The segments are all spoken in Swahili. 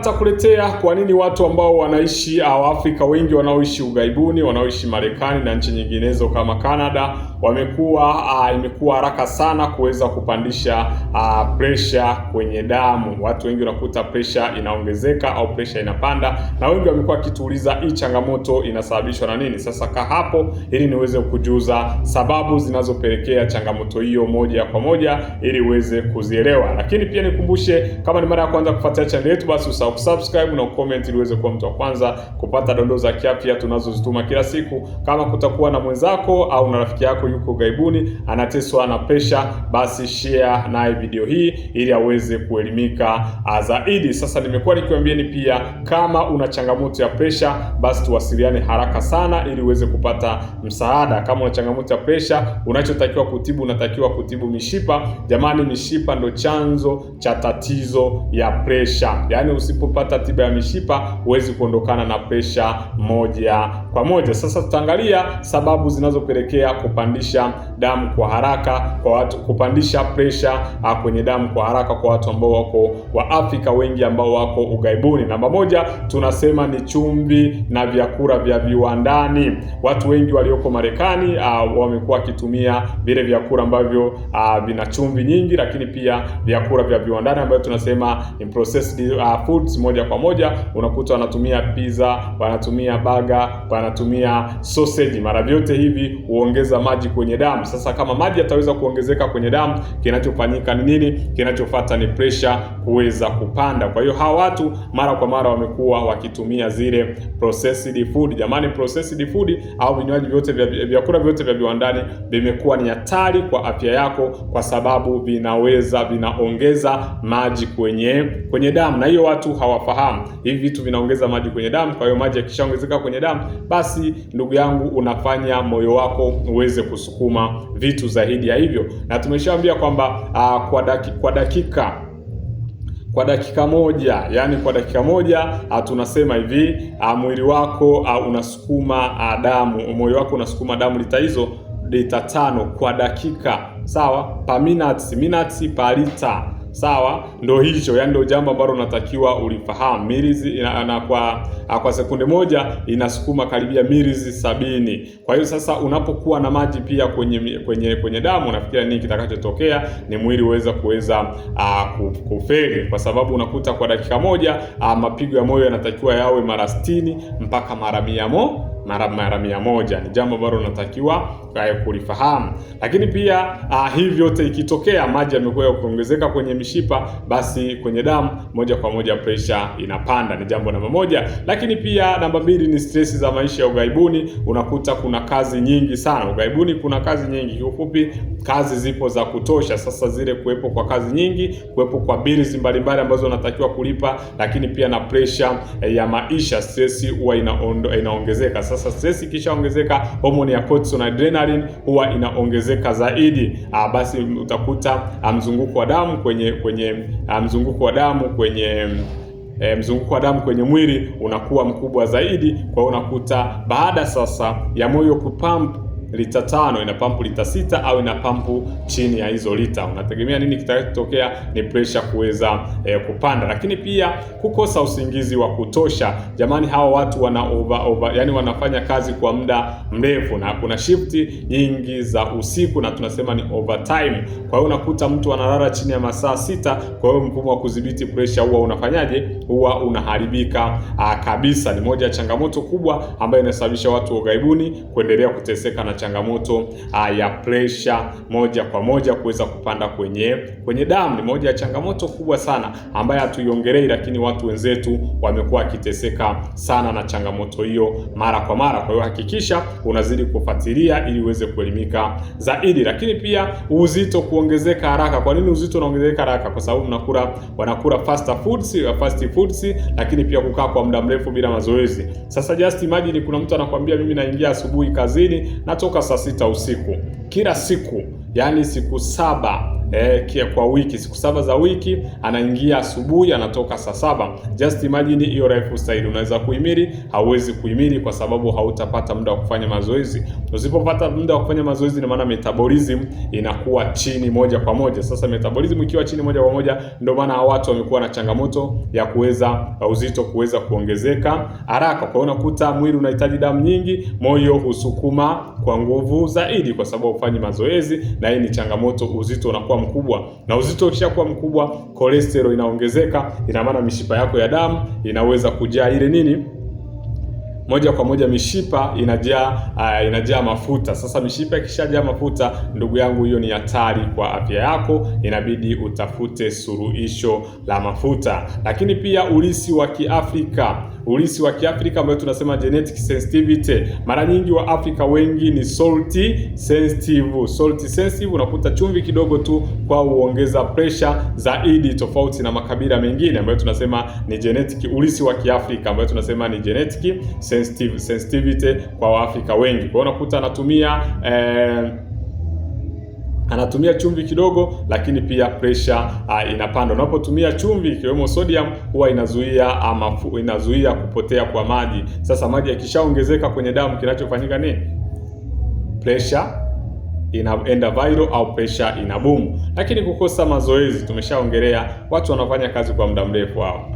Nitakuletea kwa nini watu ambao wanaishi Waafrika wengi wanaoishi ughaibuni wanaoishi Marekani na nchi nyinginezo kama Canada wamekuwa uh, imekuwa haraka sana kuweza kupandisha uh, pressure kwenye damu. Watu wengi wanakuta pressure inaongezeka au pressure inapanda, na wengi wamekuwa wakituuliza hii changamoto inasababishwa na nini. Sasa ka hapo, ili niweze kujuza sababu zinazopelekea changamoto hiyo moja kwa moja, ili uweze kuzielewa. Lakini pia nikumbushe, kama ni mara ya kwanza kufuatilia channel yetu, basi usahau usisahau kusubscribe na ucomment ili uweze kuwa mtu wa kwanza kupata dondoo za kiafya tunazozituma kila siku. Kama kutakuwa na mwenzako au na rafiki yako yuko gaibuni anateswa na pesha basi share naye video hii ili aweze kuelimika ah, zaidi. Sasa nimekuwa nikiambieni pia, kama una changamoto ya pesha, basi tuwasiliane haraka sana ili uweze kupata msaada. Kama una changamoto ya pesha, unachotakiwa kutibu, unatakiwa kutibu mishipa. Jamani, mishipa ndo chanzo cha tatizo ya pressure. yaani usipo usipopata tiba ya mishipa huwezi kuondokana na presha moja kwa moja. Sasa tutaangalia sababu zinazopelekea kupandisha damu kwa haraka kwa watu, kupandisha presha ah, kwenye damu kwa haraka kwa watu ambao wako wa Afrika wengi ambao wako ugaibuni. Namba moja tunasema ni chumvi na vyakula vya viwandani. Watu wengi walioko Marekani ah, wamekuwa wakitumia vile vyakula ambavyo ah, vina chumvi nyingi, lakini pia vyakula vya viwandani ambavyo tunasema ni processed uh, foods moja kwa moja. Unakuta wanatumia pizza, wanatumia burger wanatumia sausage. Mara vyote hivi huongeza maji kwenye damu. Sasa kama maji yataweza kuongezeka kwenye damu, kinachofanyika ni nini? Kinachofuata ni pressure kuweza kupanda. Kwa hiyo hawa watu mara kwa mara wamekuwa wakitumia zile processed food. Jamani, processed food au vinywaji vyote vya vyakula vyote vya viwandani vimekuwa ni hatari kwa afya yako, kwa sababu vinaweza vinaongeza maji kwenye kwenye damu, na hiyo watu hawafahamu hivi vitu vinaongeza maji kwenye damu. Kwa hiyo maji yakishaongezeka kwenye damu basi ndugu yangu, unafanya moyo wako uweze kusukuma vitu zaidi ya hivyo, na tumeshaambia kwamba uh, kwa, daki, kwa dakika kwa dakika moja yani, kwa dakika moja a, ah, tunasema hivi a, ah, mwili wako a, unasukuma a, damu, moyo wako unasukuma damu lita hizo lita tano kwa dakika sawa, pa minutes, minutes pa lita sawa. Ndo hicho yani, ndo jambo ambalo unatakiwa ulifahamu. Milizi ina, na kwa, kwa sekunde moja inasukuma karibia milizi sabini. Kwa hiyo sasa unapokuwa na maji pia kwenye kwenye kwenye damu, unafikiria nini kitakachotokea? Ni mwili uweza kuweza kufeli, kwa sababu unakuta kwa dakika moja mapigo ya moyo yanatakiwa yawe mara 60 mpaka mara mia mara mara mia moja. Ni jambo ambalo unatakiwa eh, kulifahamu. Lakini pia uh, hivi vyote ikitokea, maji yamekuwa ya kuongezeka kwenye mishipa, basi kwenye damu moja kwa moja pressure inapanda. Ni jambo namba moja. Lakini pia namba mbili ni stress za maisha ya ugaibuni. Unakuta kuna kazi nyingi sana ugaibuni, kuna kazi nyingi. Kiufupi, kazi zipo za kutosha. Sasa zile kuwepo kwa kazi nyingi, kuwepo kwa bills mbalimbali ambazo unatakiwa kulipa, lakini pia na pressure eh, ya maisha, stress huwa inaongezeka. ina Sasa sasa stress ikishaongezeka, homoni ya cortisol na adrenaline huwa inaongezeka zaidi. Ah, basi utakuta ah, mzunguko wa damu kwenye kwenye ah, mzunguko wa damu kwenye E, mzunguko wa damu kwenye mwili unakuwa mkubwa zaidi. Kwa hiyo unakuta baada sasa ya moyo kupampu lita tano ina pampu lita sita au ina pampu chini ya hizo lita, unategemea nini kitatokea? Ni pressure kuweza eh, kupanda, lakini pia kukosa usingizi wa kutosha. Jamani, hawa watu wana over, over, yani wanafanya kazi kwa muda mrefu na kuna shift nyingi za usiku na tunasema ni overtime. Kwa hiyo unakuta mtu analala chini ya masaa sita. Kwa hiyo mfumo wa kudhibiti pressure huwa unafanyaje? Huwa unaharibika a, ah, kabisa. Ni moja ya changamoto kubwa ambayo inasababisha watu ughaibuni kuendelea kuteseka na changamoto uh, ya presha moja kwa moja kuweza kupanda kwenye kwenye damu. Ni moja ya changamoto kubwa sana ambayo hatuiongelei, lakini watu wenzetu wamekuwa wakiteseka sana na changamoto hiyo mara kwa mara. Kwa hiyo hakikisha unazidi kufuatilia ili uweze kuelimika zaidi. Lakini pia uzito kuongezeka haraka. Kwa nini uzito unaongezeka haraka? Kwa sababu mnakula wanakula fast foods, fast foods, lakini pia kukaa kwa muda mrefu bila mazoezi. Sasa just imagine kuna mtu anakuambia mimi naingia asubuhi kazini na kutoka saa sita usiku kila siku, yaani siku saba eh, kia kwa wiki, siku saba za wiki, anaingia asubuhi, anatoka saa saba. Just imagine hiyo lifestyle unaweza kuhimili? Hauwezi kuhimili kwa sababu hautapata muda wa kufanya mazoezi. Usipopata muda wa kufanya mazoezi, na maana metabolism inakuwa chini moja kwa moja. Sasa metabolism ikiwa chini moja kwa moja, ndio maana watu wamekuwa na changamoto ya kuweza uzito kuweza kuongezeka haraka. Kwa hiyo unakuta mwili unahitaji damu nyingi, moyo husukuma kwa nguvu zaidi, kwa sababu ufanyi mazoezi, na hii ni changamoto, uzito unakuwa mkubwa, na uzito ukishakuwa mkubwa, cholesterol inaongezeka, ina maana mishipa yako ya damu inaweza kujaa ile nini moja kwa moja mishipa inajaa uh, inajaa mafuta. Sasa mishipa ikishajaa mafuta, ndugu yangu, hiyo ni hatari kwa afya yako, inabidi utafute suluhisho la mafuta. Lakini pia ulisi wa Kiafrika ulisi wa Kiafrika ambayo tunasema genetic sensitivity. Mara nyingi wa Afrika wengi ni salt sensitive. Salt sensitive, unakuta chumvi kidogo tu kwa uongeza pressure zaidi, tofauti na makabila mengine ambayo tunasema ni genetic, ulisi wa Kiafrika ambayo tunasema ni genetic sensitive, sensitivity kwa Waafrika wengi. Kwa hiyo unakuta anatumia eh, anatumia chumvi kidogo, lakini pia pressure uh, inapanda. Unapotumia chumvi ikiwemo sodium huwa inazuia ama ah, inazuia kupotea kwa maji. Sasa maji yakishaongezeka kwenye damu, kinachofanyika ni presha inaenda viral au pressure ina boom. Lakini kukosa mazoezi, tumeshaongelea watu wanafanya kazi kwa muda mrefu, hao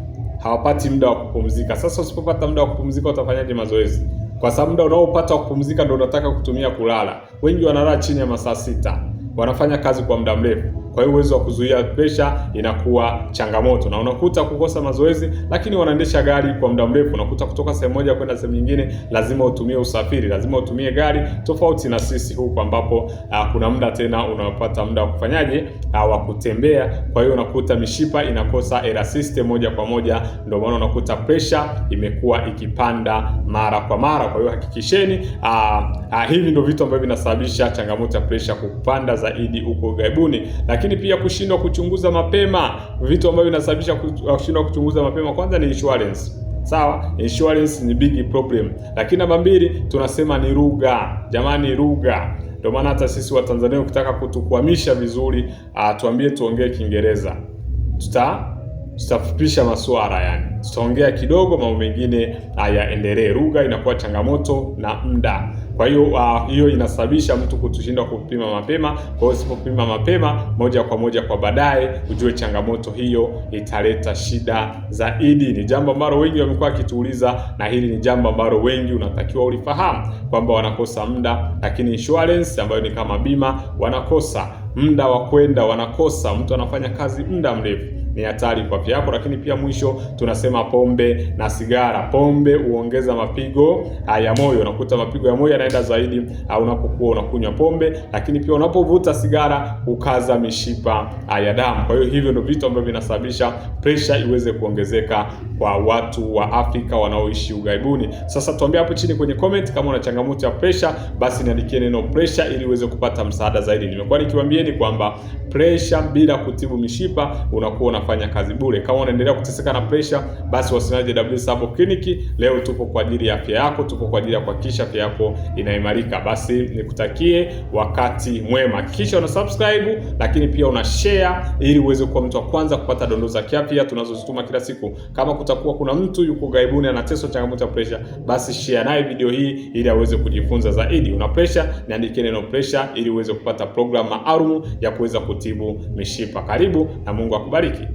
hawapati muda wa kupumzika. Sasa usipopata muda wa kupumzika, utafanyaje mazoezi? Kwa sababu muda unaopata wa kupumzika ndio unataka kutumia kulala. Wengi wanalala chini ya masaa sita wanafanya kazi kwa muda mrefu kwa hiyo uwezo wa kuzuia presha inakuwa changamoto, na unakuta kukosa mazoezi, lakini wanaendesha gari kwa muda mrefu. Unakuta kutoka sehemu moja kwenda sehemu nyingine lazima utumie usafiri, lazima utumie gari, tofauti na sisi huku ambapo uh, kuna muda tena unapata muda wa kufanyaje, uh, wa kutembea. Kwa hiyo unakuta mishipa inakosa elasticity moja kwa moja, ndio maana unakuta presha imekuwa ikipanda mara kwa mara. Kwa hiyo hakikisheni, uh, uh, hivi ndio vitu ambavyo vinasababisha changamoto ya presha kupanda zaidi huko ughaibuni, lakini lakini pia kushindwa kuchunguza mapema. Vitu ambavyo vinasababisha uh, kushindwa kuchunguza mapema, kwanza ni insurance. Sawa, insurance ni big problem, lakini namba mbili tunasema ni lugha. Jamani, lugha ndio maana hata sisi Watanzania ukitaka kutukwamisha vizuri, uh, tuambie tuongee Kiingereza, tuta tutafupisha masuala yani, tutaongea kidogo, mambo mengine yaendelee. Lugha inakuwa changamoto na muda. Kwa hiyo ah, hiyo uh, inasababisha mtu kutushindwa kupima mapema. Kwa hiyo usipopima mapema, moja kwa moja kwa baadaye, ujue changamoto hiyo italeta shida zaidi. Ni jambo ambalo wengi wamekuwa wakituuliza, na hili ni jambo ambalo wengi unatakiwa ulifahamu kwamba wanakosa muda, lakini insurance ambayo ni kama bima wanakosa muda wa kwenda, wanakosa mtu anafanya kazi muda mrefu ni hatari kwa afya yako. Lakini pia mwisho tunasema pombe na sigara. Pombe huongeza mapigo ya moyo, unakuta mapigo ya moyo yanaenda zaidi unapokuwa unakunywa pombe, lakini pia unapovuta sigara ukaza mishipa ah, ya damu. Kwa hiyo hivyo ndio vitu ambavyo vinasababisha pressure iweze kuongezeka kwa watu wa Afrika wanaoishi ugaibuni. Sasa tuambie hapo chini kwenye comment kama una changamoto ya pressure, basi niandikie neno pressure ili uweze kupata msaada zaidi. Nimekuwa nikiwaambieni kwamba pressure bila kutibu mishipa unakuwa unafanya kazi bure. Kama unaendelea kuteseka na pressure, basi wasiliana na JW Clinic. Leo tupo kwa ajili ya afya yako, tupo kwa ajili ya kuhakikisha afya yako inaimarika. Basi nikutakie wakati mwema, kisha una subscribe, lakini pia una share ili uweze kuwa mtu wa kwanza kupata dondoo za kiafya tunazozituma kila siku. Kama kutakuwa kuna mtu yuko gaibuni anateswa changamoto ya pressure, basi share naye video hii ili aweze kujifunza zaidi. Una pressure, niandikie neno pressure ili uweze kupata program maalum ya kuweza kutibu mishipa. Karibu na Mungu akubariki.